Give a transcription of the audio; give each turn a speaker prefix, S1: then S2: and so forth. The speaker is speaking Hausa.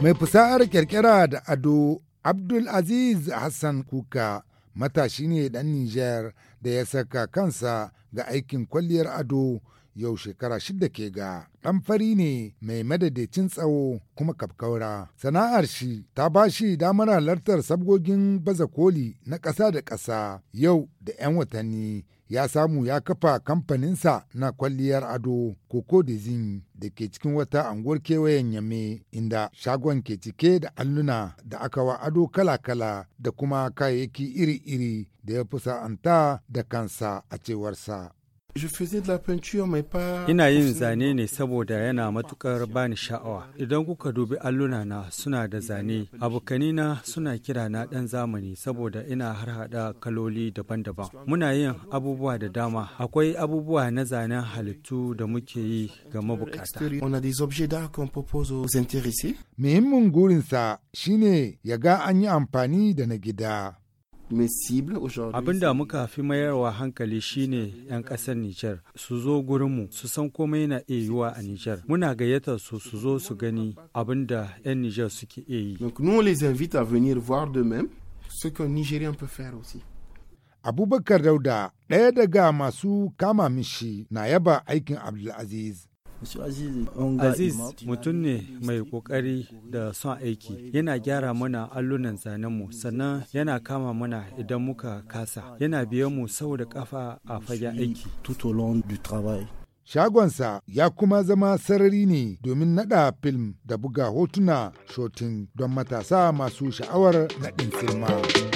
S1: Mai fasahar kyarkyara da ado Abdul Aziz Hassan Kuka matashi ne ɗan Nijar da ya saka kansa ga aikin kwalliyar ado yau shekara shida ke ga ɗan fari ne mai madadacin tsawo kuma kafkaura. Sana'ar shi ta ba shi damar halartar sabgogin baza koli na ƙasa da ƙasa yau da 'yan watanni ya samu ya kafa kamfaninsa na kwalliyar ado koko da zin da ke cikin wata anguwar kewayen yame inda shagon ke cike da alluna da aka wa ado kala-kala da kuma kayayyaki iri-iri da ya fi da kansa a cewarsa. Ina yin zane
S2: ne saboda yana matukar bani sha'awa. Idan kuka dubi alluna na suna da zane, abokanina suna kira na ɗan zamani saboda ina harhaɗa kaloli daban-daban. Muna yin abubuwa da dama. Akwai abubuwa na zanen halittu da muke yi ga mabukata. Muhimmin gurinsa shine ya ga an yi amfani
S1: da na gida. Abin da
S2: muka fi mayarwa hankali shine 'yan ƙasar Nijar su zo gurinmu su san komai na iya a Nijar. Muna gayyatar su su zo su gani abin da 'yan Nijar suke iya yi. Donc les invite à venir de même
S1: Abubakar Dauda, ɗaya daga masu kama mishi na yaba aikin Abdulaziz. Aziz
S2: mutum ne mai kokari da son aiki yana gyara mana allunan zanenmu sannan yana kama mana idan muka kasa yana biyan mu sau da kafa a fagen aiki.
S1: Shagonsa ya kuma zama sarari ne domin nada film da buga hotuna shotin don matasa masu sha'awar naɗin silma.